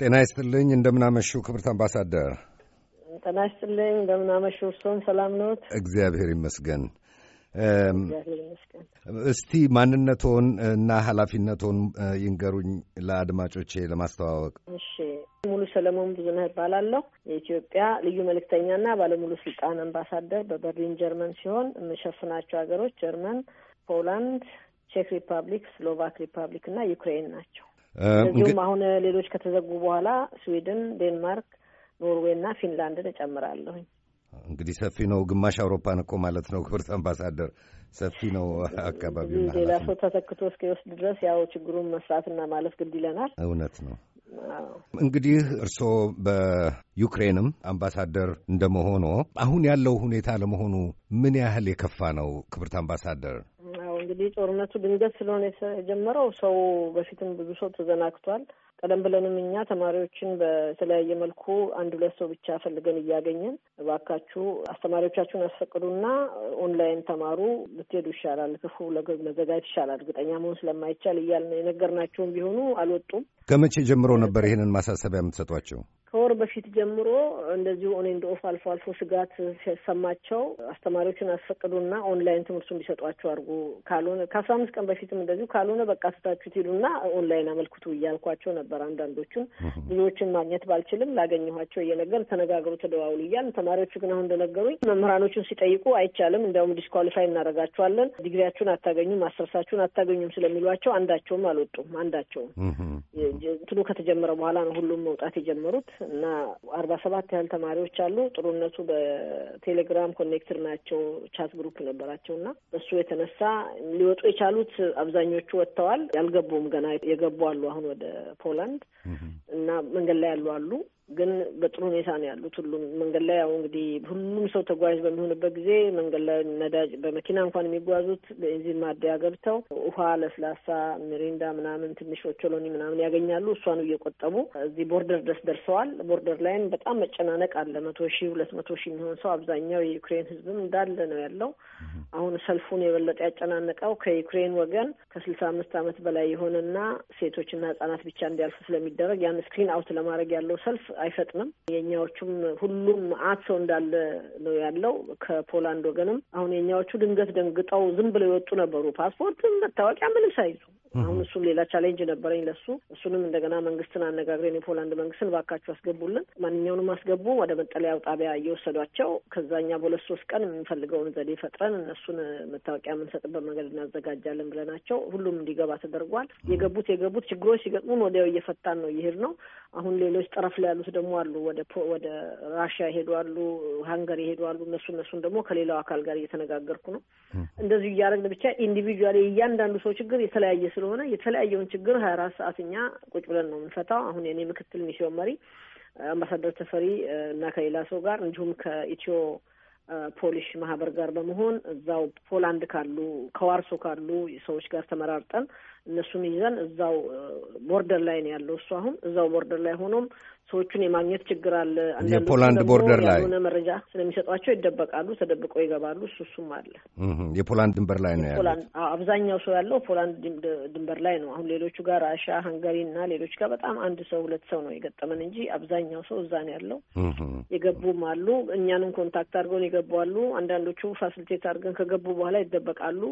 ጤና ይስጥልኝ። እንደምናመሹ ክብርት አምባሳደር። ጤና ይስጥልኝ። እንደምናመሹ። ሰላም ነት እግዚአብሔር ይመስገን። እስቲ ማንነቶን እና ኃላፊነቶን ይንገሩኝ ለአድማጮቼ ለማስተዋወቅ። እሺ ሙሉ ሰለሞን ብዙነህ እባላለሁ። የኢትዮጵያ ልዩ መልእክተኛና ባለሙሉ ስልጣን አምባሳደር በበርሊን ጀርመን ሲሆን የምሸፍናቸው ሀገሮች ጀርመን፣ ፖላንድ፣ ቼክ ሪፐብሊክ፣ ስሎቫክ ሪፐብሊክ እና ዩክሬን ናቸው። እንዲሁም አሁን ሌሎች ከተዘጉ በኋላ ስዊድን፣ ዴንማርክ፣ ኖርዌይ እና ፊንላንድን እጨምራለሁኝ። እንግዲህ ሰፊ ነው። ግማሽ አውሮፓን እኮ ማለት ነው። ክብርት አምባሳደር ሰፊ ነው አካባቢው። ሌላ ሰው ተተክቶ እስኪወስድ ድረስ ያው ችግሩን መስራትና ማለፍ ግድ ይለናል። እውነት ነው። እንግዲህ እርስዎ በዩክሬንም አምባሳደር እንደመሆኖ አሁን ያለው ሁኔታ ለመሆኑ ምን ያህል የከፋ ነው ክብርት አምባሳደር? እንግዲህ ጦርነቱ ድንገት ስለሆነ የጀመረው ሰው በፊትም ብዙ ሰው ተዘናግቷል። ቀደም ብለንም እኛ ተማሪዎችን በተለያየ መልኩ አንድ ሁለት ሰው ብቻ ፈልገን እያገኘን እባካችሁ አስተማሪዎቻችሁን ያስፈቅዱና ኦንላይን ተማሩ ብትሄዱ ይሻላል፣ ክፉ መዘጋጀት ይሻላል፣ እርግጠኛ መሆን ስለማይቻል እያልን የነገርናቸውን ቢሆኑ አልወጡም። ከመቼ ጀምሮ ነበር ይህንን ማሳሰቢያ የምትሰጧቸው? ከወር በፊት ጀምሮ እንደዚሁ ኦን ኤንድ ኦፍ አልፎ አልፎ ስጋት ሲሰማቸው አስተማሪዎችን አስፈቅዱና ኦንላይን ትምህርቱ እንዲሰጧቸው አድርጉ፣ ካልሆነ ከአስራ አምስት ቀን በፊትም እንደዚሁ ካልሆነ በቃ ትታችሁ ትሄዱና ኦንላይን አመልክቱ እያልኳቸው ነበር። ነበር። አንዳንዶቹን ብዙዎችን ማግኘት ባልችልም ላገኘኋቸው እየነገር ተነጋግሩ፣ ተደዋውሉ እያል ተማሪዎቹ ግን አሁን እንደነገሩኝ መምህራኖቹን ሲጠይቁ አይቻልም፣ እንዲያውም ዲስኳሊፋይ እናደርጋቸዋለን፣ ዲግሪያችሁን አታገኙም፣ ማስተርሳችሁን አታገኙም ስለሚሏቸው አንዳቸውም አልወጡም። አንዳቸውም እንትኑ ከተጀመረ በኋላ ነው ሁሉም መውጣት የጀመሩት እና አርባ ሰባት ያህል ተማሪዎች አሉ። ጥሩነቱ በቴሌግራም ኮኔክትር ናቸው። ቻት ግሩፕ ነበራቸው እና በሱ የተነሳ ሊወጡ የቻሉት አብዛኞቹ ወጥተዋል። ያልገቡም ገና የገቡ አሉ። አሁን ወደ ፖላንድ ሆላንድ እና መንገድ ላይ ያሉ አሉ ግን በጥሩ ሁኔታ ነው ያሉት። ሁሉም መንገድ ላይ አሁን እንግዲህ ሁሉም ሰው ተጓዥ በሚሆንበት ጊዜ መንገድ ላይ ነዳጅ በመኪና እንኳን የሚጓዙት በኢንዚን ማደያ ገብተው ውሃ፣ ለስላሳ፣ ሚሪንዳ ምናምን ትንሽ ኦቾሎኒ ምናምን ያገኛሉ። እሷን እየቆጠቡ እዚህ ቦርደር ድረስ ደርሰዋል። ቦርደር ላይም በጣም መጨናነቅ አለ። መቶ ሺህ ሁለት መቶ ሺህ የሚሆን ሰው አብዛኛው የዩክሬን ህዝብም እንዳለ ነው ያለው። አሁን ሰልፉን የበለጠ ያጨናነቀው ከዩክሬን ወገን ከስልሳ አምስት ዓመት በላይ የሆነና ሴቶችና ህጻናት ብቻ እንዲያልፉ ስለሚደረግ ያን ስክሪን አውት ለማድረግ ያለው ሰልፍ አይፈጥንም። የእኛዎቹም ሁሉም አት ሰው እንዳለ ነው ያለው። ከፖላንድ ወገንም አሁን የእኛዎቹ ድንገት ደንግጠው ዝም ብለው የወጡ ነበሩ። ፓስፖርት መታወቂያ ምንም ሳይዙ አሁን እሱም ሌላ ቻሌንጅ ነበረኝ ለሱ። እሱንም እንደገና መንግስትን አነጋግረን የፖላንድ መንግስትን ባካችሁ አስገቡልን፣ ማንኛውንም አስገቡ፣ ወደ መጠለያው ጣቢያ እየወሰዷቸው ከዛኛ በሁለት ሶስት ቀን የምንፈልገውን ዘዴ ፈጥረን እነሱን መታወቂያ የምንሰጥበት መንገድ እናዘጋጃለን ብለናቸው ሁሉም እንዲገባ ተደርጓል። የገቡት የገቡት ችግሮች ሲገጥሙን ወዲያው እየፈታን ነው ይሄድ ነው። አሁን ሌሎች ጠረፍ ላይ ያሉት ደግሞ አሉ፣ ወደ ወደ ራሽያ ይሄዱ አሉ፣ ሀንገሪ ይሄዱ አሉ። እነሱ እነሱን ደግሞ ከሌላው አካል ጋር እየተነጋገርኩ ነው። እንደዚሁ እያደረግን ብቻ ኢንዲቪጁዋል የእያንዳንዱ ሰው ችግር የተለያየ ስለሆነ የተለያየውን ችግር ሀያ አራት ሰዓት እኛ ቁጭ ብለን ነው የምንፈታው። አሁን የኔ ምክትል ሚሽዮን መሪ አምባሳደር ተፈሪ እና ከሌላ ሰው ጋር እንዲሁም ከኢትዮ ፖሊሽ ማህበር ጋር በመሆን እዛው ፖላንድ ካሉ ከዋርሶ ካሉ ሰዎች ጋር ተመራርጠን እነሱን ይዘን እዛው ቦርደር ላይ ነው ያለው። እሱ አሁን እዛው ቦርደር ላይ ሆኖም ሰዎቹን የማግኘት ችግር አለ። የፖላንድ ቦርደር ላይ ያልሆነ መረጃ ስለሚሰጧቸው ይደበቃሉ፣ ተደብቀው ይገባሉ። እሱ እሱም አለ። የፖላንድ ድንበር ላይ ነው ያለው። አብዛኛው ሰው ያለው ፖላንድ ድንበር ላይ ነው። አሁን ሌሎቹ ጋር ራሻ፣ ሀንጋሪ እና ሌሎች ጋር በጣም አንድ ሰው ሁለት ሰው ነው የገጠመን እንጂ አብዛኛው ሰው እዛ ነው ያለው። የገቡም አሉ። እኛንም ኮንታክት አድርገውን አሉ። አንዳንዶቹ ፋሲሊቴት አድርገን ከገቡ በኋላ ይደበቃሉ።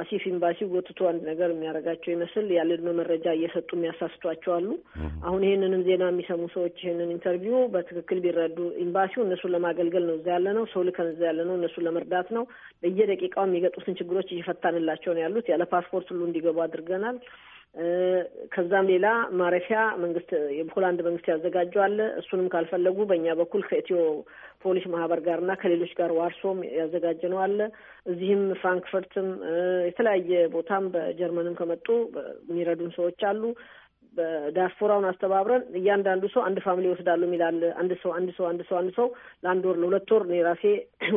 አሲፍ ኤምባሲው ጎትቶ አንድ ነገር የሚያደርጋቸው ይመስል ያለ መረጃ እየሰጡ የሚያሳስቷቸው አሉ። አሁን ይህንንም ዜና የሚሰሙ ሰዎች ይህንን ኢንተርቪው በትክክል ቢረዱ ኤምባሲው እነሱን ለማገልገል ነው እዛ ያለ ነው፣ ሰው ልከን እዛ ያለ ነው፣ እነሱን ለመርዳት ነው። በየደቂቃው የሚገጡትን ችግሮች እየፈታንላቸው ነው ያሉት። ያለ ፓስፖርት ሁሉ እንዲገቡ አድርገናል። ከዛም ሌላ ማረፊያ መንግስት የሆላንድ መንግስት ያዘጋጀው አለ። እሱንም ካልፈለጉ በእኛ በኩል ከኢትዮ ፖሊስ ማህበር ጋር እና ከሌሎች ጋር ዋርሶም ያዘጋጀ ነው አለ። እዚህም ፍራንክፈርትም የተለያየ ቦታም በጀርመንም ከመጡ የሚረዱን ሰዎች አሉ። በዳያስፖራውን አስተባብረን እያንዳንዱ ሰው አንድ ፋሚሊ ይወስዳሉ የሚላል አንድ ሰው አንድ ሰው አንድ ሰው አንድ ሰው ለአንድ ወር ለሁለት ወር እኔ ራሴ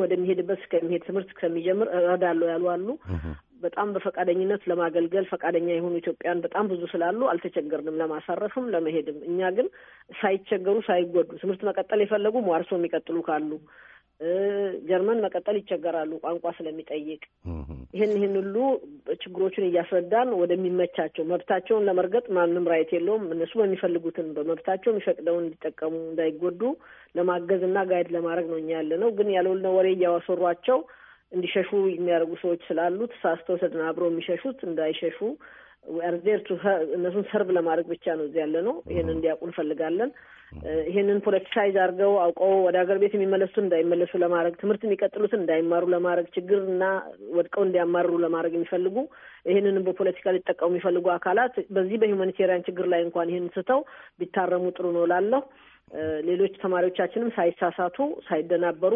ወደሚሄድበት እስከሚሄድ ትምህርት እስከሚጀምር እረዳለሁ ያሉ አሉ። በጣም በፈቃደኝነት ለማገልገል ፈቃደኛ የሆኑ ኢትዮጵያን በጣም ብዙ ስላሉ አልተቸገርንም፣ ለማሳረፍም ለመሄድም። እኛ ግን ሳይቸገሩ ሳይጎዱ ትምህርት መቀጠል የፈለጉ ዋርሶ የሚቀጥሉ ካሉ ጀርመን መቀጠል ይቸገራሉ፣ ቋንቋ ስለሚጠይቅ። ይህን ይህን ሁሉ ችግሮቹን እያስረዳን ወደሚመቻቸው መብታቸውን ለመርገጥ ማንም ራይት የለውም። እነሱ በሚፈልጉትን በመብታቸው የሚፈቅደውን እንዲጠቀሙ እንዳይጎዱ ለማገዝ እና ጋይድ ለማድረግ ነው እኛ ያለ ነው። ግን ያለውልነ ወሬ እያወሰሯቸው እንዲሸሹ የሚያደርጉ ሰዎች ስላሉ ተሳስተው ተደናብረው የሚሸሹት እንዳይሸሹ ዌአርዜር እነሱን ሰርብ ለማድረግ ብቻ ነው እዚህ ያለ ነው። ይህን እንዲያውቁ እንፈልጋለን። ይህንን ፖለቲሳይዝ አድርገው አውቀው ወደ ሀገር ቤት የሚመለሱትን እንዳይመለሱ ለማድረግ ትምህርት የሚቀጥሉትን እንዳይማሩ ለማድረግ ችግርና ወድቀው እንዲያማርሩ ለማድረግ የሚፈልጉ ይህንን በፖለቲካ ሊጠቀሙ የሚፈልጉ አካላት በዚህ በሁማኒቴሪያን ችግር ላይ እንኳን ይህን ስተው ቢታረሙ ጥሩ ነው ላለሁ ሌሎች ተማሪዎቻችንም ሳይሳሳቱ ሳይደናበሩ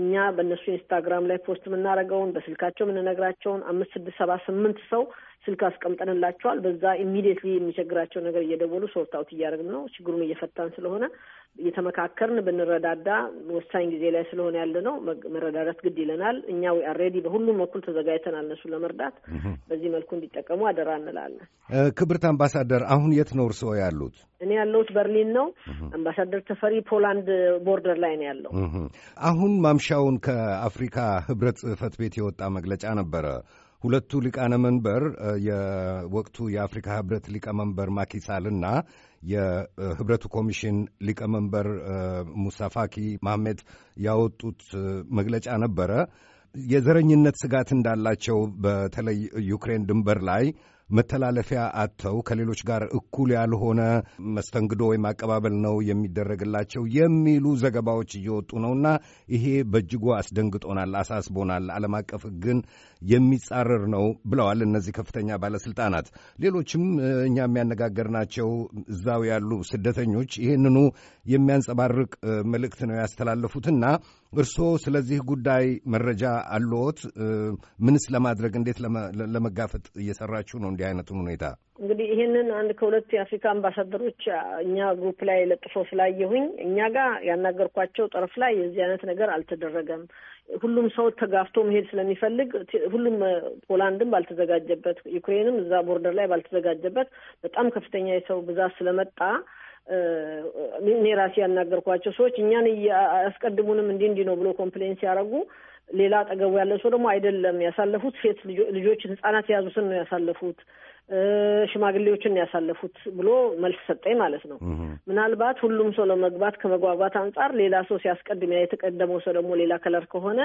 እኛ በእነሱ ኢንስታግራም ላይ ፖስት የምናደርገውን በስልካቸው የምንነግራቸውን አምስት ስድስት ሰባ ስምንት ሰው ስልክ አስቀምጠንላቸዋል። በዛ ኢሚዲየትሊ የሚቸግራቸው ነገር እየደወሉ ሶርት አውት እያደረግን ነው። ችግሩን እየፈታን ስለሆነ እየተመካከርን ብንረዳዳ ወሳኝ ጊዜ ላይ ስለሆነ ያለ ነው። መረዳዳት ግድ ይለናል። እኛ ዊ ሬዲ በሁሉም በኩል ተዘጋጅተናል እነሱ ለመርዳት። በዚህ መልኩ እንዲጠቀሙ አደራ እንላለን። ክብርት አምባሳደር፣ አሁን የት ነው እርስዎ ያሉት? እኔ ያለሁት በርሊን ነው። አምባሳደር ተፈሪ ፖላንድ ቦርደር ላይ ነው ያለው። አሁን ማምሻውን ከአፍሪካ ህብረት ጽህፈት ቤት የወጣ መግለጫ ነበረ ሁለቱ ሊቃነ መንበር የወቅቱ የአፍሪካ ህብረት ሊቀመንበር ማኪሳል እና የህብረቱ ኮሚሽን ሊቀመንበር ሙሳፋኪ ማህሜት ያወጡት መግለጫ ነበረ። የዘረኝነት ስጋት እንዳላቸው በተለይ ዩክሬን ድንበር ላይ መተላለፊያ አጥተው ከሌሎች ጋር እኩል ያልሆነ መስተንግዶ ወይም አቀባበል ነው የሚደረግላቸው የሚሉ ዘገባዎች እየወጡ ነውና ይሄ በእጅጉ አስደንግጦናል፣ አሳስቦናል፣ ዓለም አቀፍ ሕግን የሚጻረር ነው ብለዋል እነዚህ ከፍተኛ ባለስልጣናት። ሌሎችም እኛ የሚያነጋገርናቸው እዛው ያሉ ስደተኞች ይህንኑ የሚያንጸባርቅ መልእክት ነው ያስተላለፉትና እርስዎ ስለዚህ ጉዳይ መረጃ አለዎት? ምንስ ለማድረግ እንዴት ለመጋፈጥ እየሰራችሁ ነው? እንዲህ አይነቱን ሁኔታ እንግዲህ ይህንን አንድ ከሁለት የአፍሪካ አምባሳደሮች እኛ ግሩፕ ላይ ለጥፈው ስላየሁኝ እኛ ጋር ያናገርኳቸው ጠረፍ ላይ የዚህ አይነት ነገር አልተደረገም። ሁሉም ሰው ተጋፍቶ መሄድ ስለሚፈልግ ሁሉም ፖላንድም ባልተዘጋጀበት፣ ዩክሬንም እዛ ቦርደር ላይ ባልተዘጋጀበት በጣም ከፍተኛ የሰው ብዛት ስለመጣ እኔ ራሴ ያናገርኳቸው ሰዎች እኛን አያስቀድሙንም እንዲህ እንዲህ ነው ብሎ ኮምፕሌን ሲያደርጉ ሌላ አጠገቡ ያለ ሰው ደግሞ አይደለም ያሳለፉት ሴት ልጆችን ህጻናት የያዙትን ነው ያሳለፉት ሽማግሌዎችን ያሳለፉት ብሎ መልስ ሰጠኝ ማለት ነው። ምናልባት ሁሉም ሰው ለመግባት ከመጓጓት አንጻር ሌላ ሰው ሲያስቀድም ያ የተቀደመው ሰው ደግሞ ሌላ ከለር ከሆነ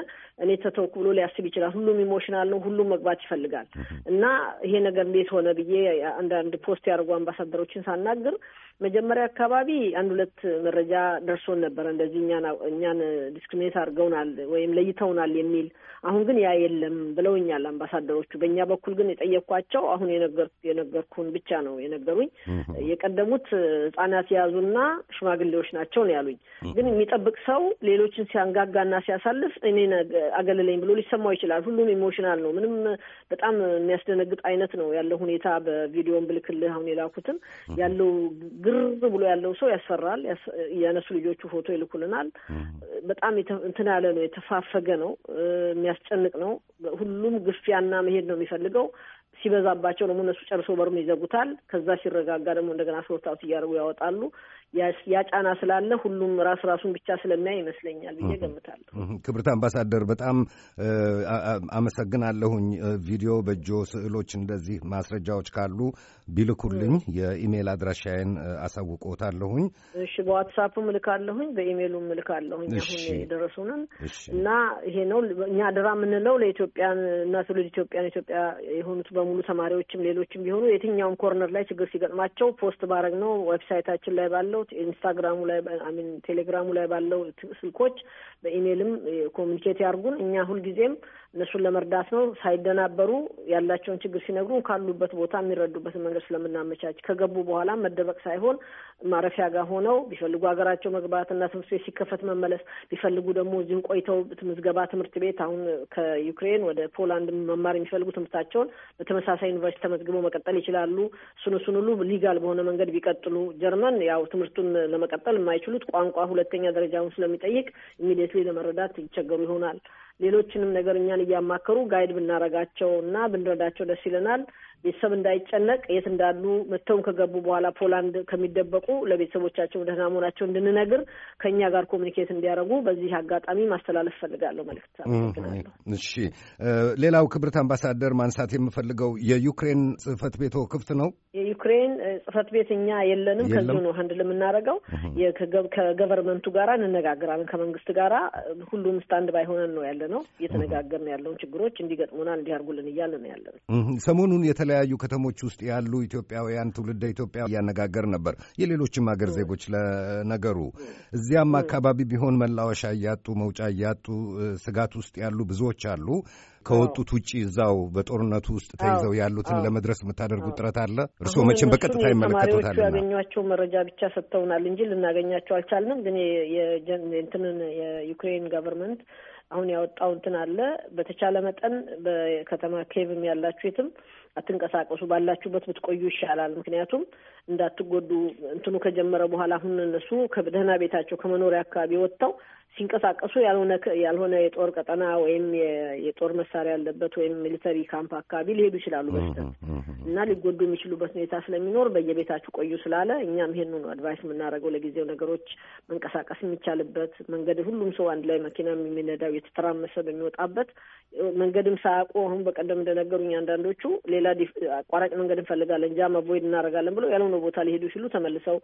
እኔ ተተውኩ ብሎ ሊያስብ ይችላል። ሁሉም ኢሞሽናል ነው፣ ሁሉም መግባት ይፈልጋል እና ይሄ ነገር እንዴት ሆነ ብዬ አንዳንድ ፖስት ያደርጉ አምባሳደሮችን ሳናግር መጀመሪያ አካባቢ አንድ ሁለት መረጃ ደርሶን ነበረ እንደዚህ እኛን ዲስክሪሚኔት አድርገውናል ወይም ለይተውናል የሚል አሁን ግን ያ የለም ብለውኛል አምባሳደሮቹ። በእኛ በኩል ግን የጠየቅኳቸው አሁን የነገር የነገርኩን ብቻ ነው የነገሩኝ። የቀደሙት ህጻናት የያዙና ሽማግሌዎች ናቸው ነው ያሉኝ። ግን የሚጠብቅ ሰው ሌሎችን ሲያንጋጋና ሲያሳልፍ እኔ አገልለኝ ብሎ ሊሰማው ይችላል። ሁሉም ኢሞሽናል ነው። ምንም በጣም የሚያስደነግጥ አይነት ነው ያለው ሁኔታ። በቪዲዮን ብልክልህ አሁን የላኩትም ያለው ግር ብሎ ያለው ሰው ያስፈራል። የነሱ ልጆቹ ፎቶ ይልኩልናል። በጣም እንትን ያለ ነው፣ የተፋፈገ ነው፣ የሚያስጨንቅ ነው። ሁሉም ግፊያና መሄድ ነው የሚፈልገው። ሲበዛባቸው ደግሞ እነሱ ጨርሶ በሩን ይዘጉታል። ከዛ ሲረጋጋ ደግሞ እንደገና ሶርት አውት እያደረጉ ያወጣሉ። ያጫና ስላለ ሁሉም ራስ ራሱን ብቻ ስለሚያይ ይመስለኛል ብዬ ገምታለሁ። ክብርት አምባሳደር በጣም አመሰግናለሁኝ። ቪዲዮ በእጆ ስዕሎች፣ እንደዚህ ማስረጃዎች ካሉ ቢልኩልኝ የኢሜይል አድራሻዬን አሳውቆታለሁኝ። እሺ፣ በዋትሳፕም እልካለሁኝ፣ በኢሜይሉም እልካለሁኝ አሁን የደረሱንን እና ይሄ ነው እኛ አደራ የምንለው ለኢትዮጵያን እና ትውልድ ኢትዮጵያን ኢትዮጵያ የሆኑት በሙሉ ተማሪዎችም ሌሎችም ቢሆኑ የትኛውም ኮርነር ላይ ችግር ሲገጥማቸው ፖስት ባረግ ነው ዌብሳይታችን ላይ ባለው ባለው ኢንስታግራሙ ላይ አሚን ቴሌግራሙ ላይ ባለው ስልኮች በኢሜይልም ኮሚኒኬት ያርጉን። እኛ ሁልጊዜም እነሱን ለመርዳት ነው። ሳይደናበሩ ያላቸውን ችግር ሲነግሩ ካሉበት ቦታ የሚረዱበትን መንገድ ስለምናመቻች ከገቡ በኋላ መደበቅ ሳይሆን ማረፊያ ጋር ሆነው ቢፈልጉ ሀገራቸው መግባትና ትምህርት ቤት ሲከፈት መመለስ ቢፈልጉ ደግሞ እዚሁ ቆይተው ምዝገባ ትምህርት ቤት አሁን ከዩክሬን ወደ ፖላንድ መማር የሚፈልጉ ትምህርታቸውን በተመሳሳይ ዩኒቨርሲቲ ተመዝግበው መቀጠል ይችላሉ። እሱን እሱን ሁሉ ሊጋል በሆነ መንገድ ቢቀጥሉ ጀርመን ያው ትምህርቱን ለመቀጠል የማይችሉት ቋንቋ ሁለተኛ ደረጃውን ስለሚጠይቅ ኢሚዲየትሊ ለመረዳት ይቸገሩ ይሆናል። ሌሎችንም ነገር እኛን እያማከሩ ጋይድ ብናረጋቸው እና ብንረዳቸው ደስ ይለናል። ቤተሰብ እንዳይጨነቅ የት እንዳሉ መጥተውም ከገቡ በኋላ ፖላንድ ከሚደበቁ ለቤተሰቦቻቸው ደህና መሆናቸው እንድንነግር ከእኛ ጋር ኮሚኒኬት እንዲያደርጉ በዚህ አጋጣሚ ማስተላለፍ ፈልጋለሁ መልእክት። እሺ፣ ሌላው ክብርት አምባሳደር ማንሳት የምፈልገው የዩክሬን ጽህፈት ቤቶ ክፍት ነው? የዩክሬን ጽህፈት ቤት እኛ የለንም። ከዚሁ ነው ሀንድል የምናደርገው። ከገቨርመንቱ ጋራ እንነጋግራለን፣ ከመንግስት ጋራ ሁሉም ስታንድ ባይሆነን ነው ያለ ነው እየተነጋገርን ያለውን ችግሮች እንዲገጥሙናል እንዲያርጉልን እያለ ነው ያለ ነው። ሰሞኑን የተለያዩ ከተሞች ውስጥ ያሉ ኢትዮጵያውያን ትውልደ ኢትዮጵያ እያነጋገር ነበር። የሌሎችም ሀገር ዜጎች ለነገሩ እዚያም አካባቢ ቢሆን መላወሻ እያጡ መውጫ እያጡ ስጋት ውስጥ ያሉ ብዙዎች አሉ። ከወጡት ውጭ እዛው በጦርነቱ ውስጥ ተይዘው ያሉትን ለመድረስ የምታደርጉት ጥረት አለ? እርስዎ መቼም በቀጥታ ይመለከቱታል። ያገኟቸው መረጃ ብቻ ሰጥተውናል እንጂ ልናገኛቸው አልቻልንም። ግን የእንትንን የዩክሬን ገቨርንመንት አሁን ያወጣው እንትን አለ። በተቻለ መጠን በከተማ ኬቭም ያላችሁ የትም አትንቀሳቀሱ፣ ባላችሁበት ብትቆዩ ይሻላል። ምክንያቱም እንዳትጎዱ እንትኑ ከጀመረ በኋላ አሁን እነሱ ከደህና ቤታቸው ከመኖሪያ አካባቢ ወጥተው ሲንቀሳቀሱ ያልሆነ ያልሆነ የጦር ቀጠና ወይም የጦር መሳሪያ ያለበት ወይም ሚሊተሪ ካምፕ አካባቢ ሊሄዱ ይችላሉ በስተት እና ሊጎዱ የሚችሉበት ሁኔታ ስለሚኖር በየቤታችሁ ቆዩ ስላለ እኛም ይሄን ነው አድቫይስ የምናደርገው። ለጊዜው ነገሮች መንቀሳቀስ የሚቻልበት መንገድ ሁሉም ሰው አንድ ላይ መኪና የሚነዳው የተተራመሰ በሚወጣበት መንገድም ሳያውቁ አሁን በቀደም እንደነገሩኝ አንዳንዶቹ ሌላ አቋራጭ መንገድ እንፈልጋለን እንጃ አቮይድ እናደርጋለን ብለው ያልሆነ ቦታ ሊሄዱ ሲሉ ተመልሰው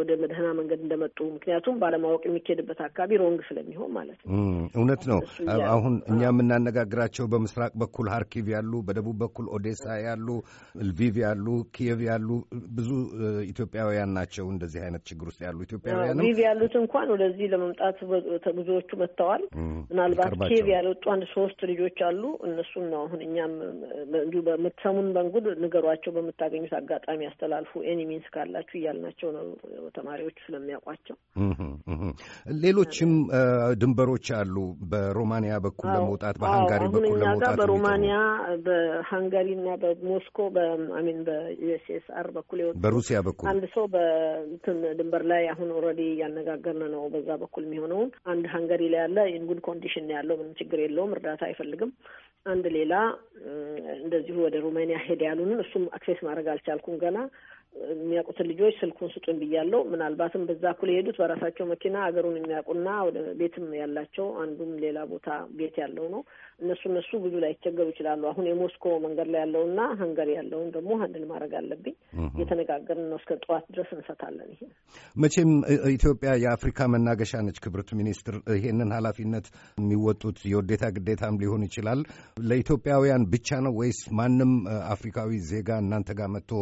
ወደ መድህና መንገድ እንደመጡ ምክንያቱም ባለማወቅ የሚካሄድበት አካባቢ ሮንግ ስለሚሆን ማለት ነው። እውነት ነው። አሁን እኛ የምናነጋግራቸው በምስራቅ በኩል ሀርኪቭ ያሉ፣ በደቡብ በኩል ኦዴሳ ያሉ፣ ልቪቭ ያሉ፣ ኪየቭ ያሉ ብዙ ኢትዮጵያውያን ናቸው። እንደዚህ አይነት ችግር ውስጥ ያሉ ኢትዮጵያውያን ልቪቭ ያሉት እንኳን ወደዚህ ለመምጣት ብዙዎቹ መጥተዋል። ምናልባት ኪየቭ ያልወጡ አንድ ሶስት ልጆች አሉ። እነሱን ነው አሁን እኛም እንዲሁ በምትሰሙን በንጉድ ንገሯቸው፣ በምታገኙት አጋጣሚ ያስተላልፉ ኤኒሚንስ ካላችሁ እያልናቸው ነው። ተማሪዎቹ ስለሚያውቋቸው ሌሎች ሌሎችም ድንበሮች አሉ። በሮማንያ በኩል ለመውጣት በሃንጋሪ በኩል ለመውጣት በሮማንያ በሃንጋሪ እና በሞስኮ በአሜን በዩኤስኤስአር በኩል የወጡ በሩሲያ በኩል አንድ ሰው በእንትን ድንበር ላይ አሁን ኦልሬዲ እያነጋገርን ነው። በዛ በኩል የሚሆነውን አንድ ሃንጋሪ ላይ ያለ ኢንጉድ ኮንዲሽን ያለው ምንም ችግር የለውም፣ እርዳታ አይፈልግም። አንድ ሌላ እንደዚሁ ወደ ሮማንያ ሄድ ያሉንን እሱም አክሴስ ማድረግ አልቻልኩም ገና የሚያውቁትን ልጆች ስልኩን ስጡን ብያለው። ምናልባትም በዛ ኩል የሄዱት በራሳቸው መኪና ሀገሩን የሚያውቁና ወደ ቤትም ያላቸው አንዱም ሌላ ቦታ ቤት ያለው ነው። እነሱ እነሱ ብዙ ላይ ይቸገሩ ይችላሉ። አሁን የሞስኮ መንገድ ላይ ያለውና ሀንገር ያለውን ደግሞ ሀንድል ማድረግ አለብኝ። እየተነጋገርን ነው። እስከ ጠዋት ድረስ እንሰታለን። ይሄ መቼም ኢትዮጵያ የአፍሪካ መናገሻ ነች። ክብርት ሚኒስትር፣ ይሄንን ኃላፊነት የሚወጡት የውዴታ ግዴታም ሊሆን ይችላል። ለኢትዮጵያውያን ብቻ ነው ወይስ ማንም አፍሪካዊ ዜጋ እናንተ ጋር መጥቶ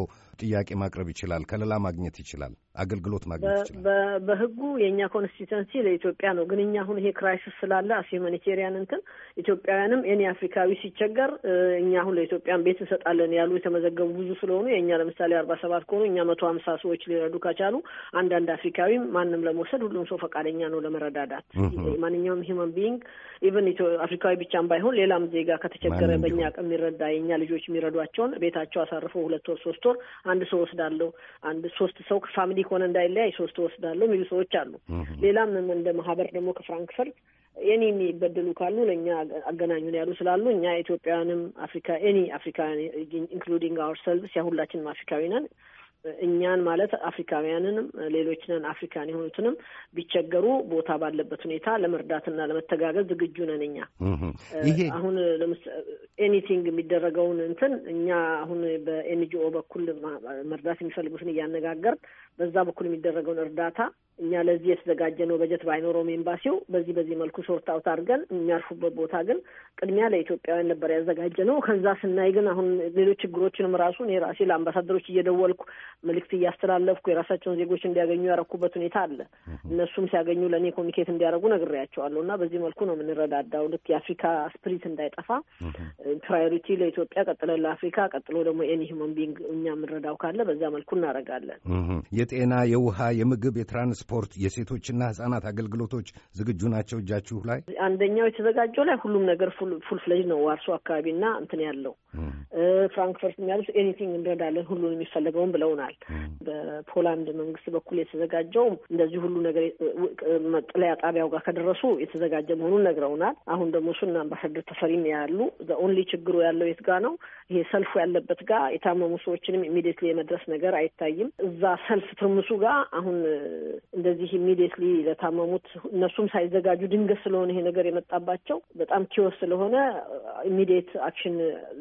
ጥያቄ ማቅረብ ይችላል፣ ከለላ ማግኘት ይችላል፣ አገልግሎት ማግኘት ይችላል። በህጉ የእኛ ኮንስቲተንሲ ለኢትዮጵያ ነው። ግን እኛ አሁን ይሄ ክራይሲስ ስላለ አስ ሁማኒቴሪያን እንትን ኢትዮጵያውያንም እኔ አፍሪካዊ ሲቸገር እኛ አሁን ለኢትዮጵያን ቤት እንሰጣለን ያሉ የተመዘገቡ ብዙ ስለሆኑ የእኛ ለምሳሌ አርባ ሰባት ከሆኑ እኛ መቶ ሀምሳ ሰዎች ሊረዱ ከቻሉ አንዳንድ አፍሪካዊም ማንም ለመውሰድ ሁሉም ሰው ፈቃደኛ ነው ለመረዳዳት ማንኛውም ሂማን ቢንግ ኢቨን አፍሪካዊ ብቻም ባይሆን ሌላም ዜጋ ከተቸገረ በእኛ የሚረዳ የእኛ ልጆች የሚረዷቸውን ቤታቸው አሳርፈው ሁለት ወር ሶስት ወር አንድ ሰው ወስዳለሁ፣ አንድ ሶስት ሰው ፋሚሊ ከሆነ እንዳይለያይ ሶስት ወስዳለሁ የሚሉ ሰዎች አሉ። ሌላም እንደ ማህበር ደግሞ ከፍራንክፈርት ኤኒ የሚበደሉ ካሉ ለእኛ አገናኙን ያሉ ስላሉ እኛ ኢትዮጵያውያንም አፍሪካ ኤኒ አፍሪካ ኢንክሉዲንግ አወር ሰልቭስ ያ ሁላችንም አፍሪካዊ ነን እኛን ማለት አፍሪካውያንንም ሌሎችንን አፍሪካን የሆኑትንም ቢቸገሩ ቦታ ባለበት ሁኔታ ለመርዳትና ለመተጋገዝ ዝግጁ ነን። እኛ አሁን ኤኒቲንግ የሚደረገውን እንትን እኛ አሁን በኤንጂኦ በኩል መርዳት የሚፈልጉትን እያነጋገር በዛ በኩል የሚደረገውን እርዳታ እኛ ለዚህ የተዘጋጀ ነው በጀት ባይኖረውም ኤምባሲው በዚህ በዚህ መልኩ ሶርት አውት አድርገን የሚያርፉበት ቦታ ግን ቅድሚያ ለኢትዮጵያውያን ነበር ያዘጋጀ ነው። ከዛ ስናይ ግን አሁን ሌሎች ችግሮችንም ራሱ እኔ ራሴ ለአምባሳደሮች እየደወልኩ መልእክት እያስተላለፍኩ የራሳቸውን ዜጎች እንዲያገኙ ያረኩበት ሁኔታ አለ። እነሱም ሲያገኙ ለእኔ ኮሚኒኬት እንዲያደርጉ ነግሬያቸዋለሁ። እና በዚህ መልኩ ነው የምንረዳዳው። ልክ የአፍሪካ ስፕሪት እንዳይጠፋ ፕራዮሪቲ ለኢትዮጵያ፣ ቀጥለ ለአፍሪካ፣ ቀጥሎ ደግሞ ኤኒ ሂውመን ቢንግ እኛ የምንረዳው ካለ በዛ መልኩ እናረጋለን። የጤና የውሃ የምግብ የትራንስ ስፖርት፣ የሴቶችና ህጻናት አገልግሎቶች ዝግጁ ናቸው እጃችሁ ላይ? አንደኛው የተዘጋጀው ላይ ሁሉም ነገር ፉል ፍለጅ ነው። ዋርሶ አካባቢና እንትን ያለው ፍራንክፈርት የሚያሉት ኤኒቲንግ እንረዳለን ሁሉን የሚፈለገውን ብለውናል። በፖላንድ መንግስት በኩል የተዘጋጀው እንደዚህ ሁሉ ነገር መጠለያ ጣቢያው ጋር ከደረሱ የተዘጋጀ መሆኑን ነግረውናል። አሁን ደግሞ እሱና አምባሳደር ተፈሪም ያሉ ኦንሊ ችግሩ ያለው የት ጋ ነው? ይሄ ሰልፉ ያለበት ጋ የታመሙ ሰዎችንም ኢሚዲየትሊ የመድረስ ነገር አይታይም። እዛ ሰልፍ ትርምሱ ጋር አሁን እንደዚህ ኢሚዲየትሊ ለታመሙት እነሱም ሳይዘጋጁ ድንገት ስለሆነ ይሄ ነገር የመጣባቸው በጣም ኪዮስ ስለሆነ ኢሚዲየት አክሽን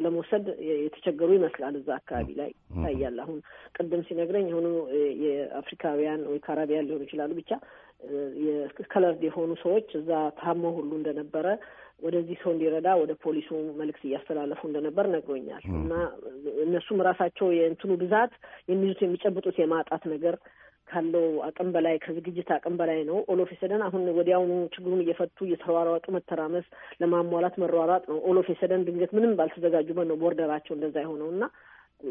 ለመውሰድ የተቸገሩ ይመስላል። እዛ አካባቢ ላይ ይታያል። አሁን ቅድም ሲነግረኝ የሆኑ የአፍሪካውያን ወይ ካራቢያን ሊሆኑ ይችላሉ ብቻ የከለርድ የሆኑ ሰዎች እዛ ታመ ሁሉ እንደነበረ ወደዚህ ሰው እንዲረዳ ወደ ፖሊሱ መልእክት እያስተላለፉ እንደነበር ነግሮኛል። እና እነሱም ራሳቸው የእንትኑ ብዛት የሚይዙት የሚጨብጡት የማጣት ነገር ካለው አቅም በላይ ከዝግጅት አቅም በላይ ነው። ኦሎፌሰደን አሁን ወዲያውኑ ችግሩን እየፈቱ እየተሯሯጡ መተራመስ ለማሟላት መሯሯጥ ነው። ኦሎፌሰደን ድንገት ምንም ባልተዘጋጁበት ነው ቦርደራቸው እንደዛ የሆነው እና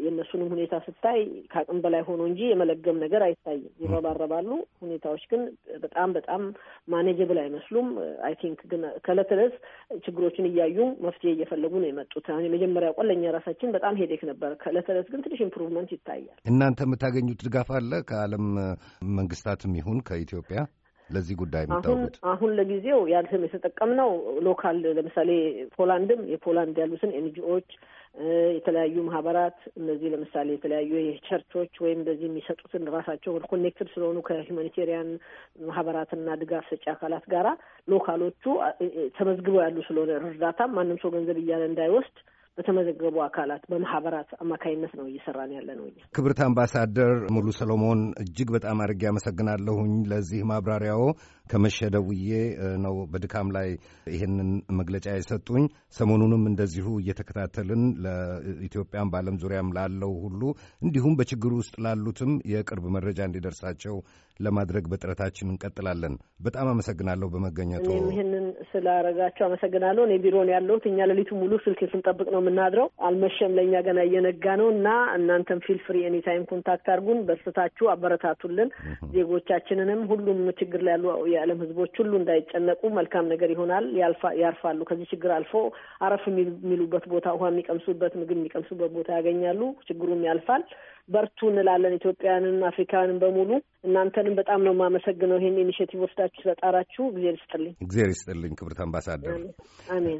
የእነሱንም ሁኔታ ስታይ ከአቅም በላይ ሆኖ እንጂ የመለገም ነገር አይታይም። ይረባረባሉ። ሁኔታዎች ግን በጣም በጣም ማኔጀብል አይመስሉም። አይ ቲንክ ግን ከእለት እለት ችግሮችን እያዩ መፍትሄ እየፈለጉ ነው የመጡት። አሁን የመጀመሪያ ቆን ለእኛ ራሳችን በጣም ሄዴክ ነበር። ከእለት እለት ግን ትንሽ ኢምፕሩቭመንት ይታያል። እናንተ የምታገኙት ድጋፍ አለ ከዓለም መንግስታትም ይሁን ከኢትዮጵያ ለዚህ ጉዳይ አሁን አሁን ለጊዜው ያልህም የተጠቀምነው ሎካል ለምሳሌ ፖላንድም የፖላንድ ያሉትን ኤንጂኦዎች የተለያዩ ማህበራት እነዚህ ለምሳሌ የተለያዩ ቸርቾች ወይም በዚህ የሚሰጡትን ራሳቸው ኮኔክትድ ስለሆኑ ከሁማኒቴሪያን ማህበራትና ድጋፍ ሰጪ አካላት ጋራ ሎካሎቹ ተመዝግበው ያሉ ስለሆነ እርዳታ ማንም ሰው ገንዘብ እያለ እንዳይወስድ በተመዘገቡ አካላት በማህበራት አማካኝነት ነው እየሰራን ያለ ነው። ክብርት አምባሳደር ሙሉ ሰሎሞን እጅግ በጣም አድርጌ አመሰግናለሁኝ ለዚህ ማብራሪያው። ከመሸደውዬ ነው በድካም ላይ ይሄንን መግለጫ የሰጡኝ። ሰሞኑንም እንደዚሁ እየተከታተልን ለኢትዮጵያን በዓለም ዙሪያም ላለው ሁሉ እንዲሁም በችግሩ ውስጥ ላሉትም የቅርብ መረጃ እንዲደርሳቸው ለማድረግ በጥረታችን እንቀጥላለን። በጣም አመሰግናለሁ በመገኘቱ። ይህንን ስላረጋቸው አመሰግናለሁ። እኔ ቢሮ ያለውት ያለሁት። እኛ ሌሊቱ ሙሉ ስልክ ስንጠብቅ ነው የምናድረው። አልመሸም፣ ለእኛ ገና እየነጋ ነው እና እናንተም ፊል ፍሪ ኤኒታይም ኮንታክት አድርጉን። በስታችሁ አበረታቱልን። ዜጎቻችንንም ሁሉም ችግር ላይ ያሉ የዓለም ህዝቦች ሁሉ እንዳይጨነቁ መልካም ነገር ይሆናል፣ ያርፋሉ። ከዚህ ችግር አልፎ አረፍ የሚሉበት ቦታ፣ ውሃ የሚቀምሱበት፣ ምግብ የሚቀምሱበት ቦታ ያገኛሉ። ችግሩም ያልፋል። በርቱ እንላለን ኢትዮጵያውያንን፣ አፍሪካያንን በሙሉ እናንተንም በጣም ነው የማመሰግነው ይህን ኢኒሽቲቭ ወስዳችሁ ስለጣራችሁ። እግዜር ይስጥልኝ። እግዜር ይስጥልኝ ክብርት አምባሳደር። አሜን።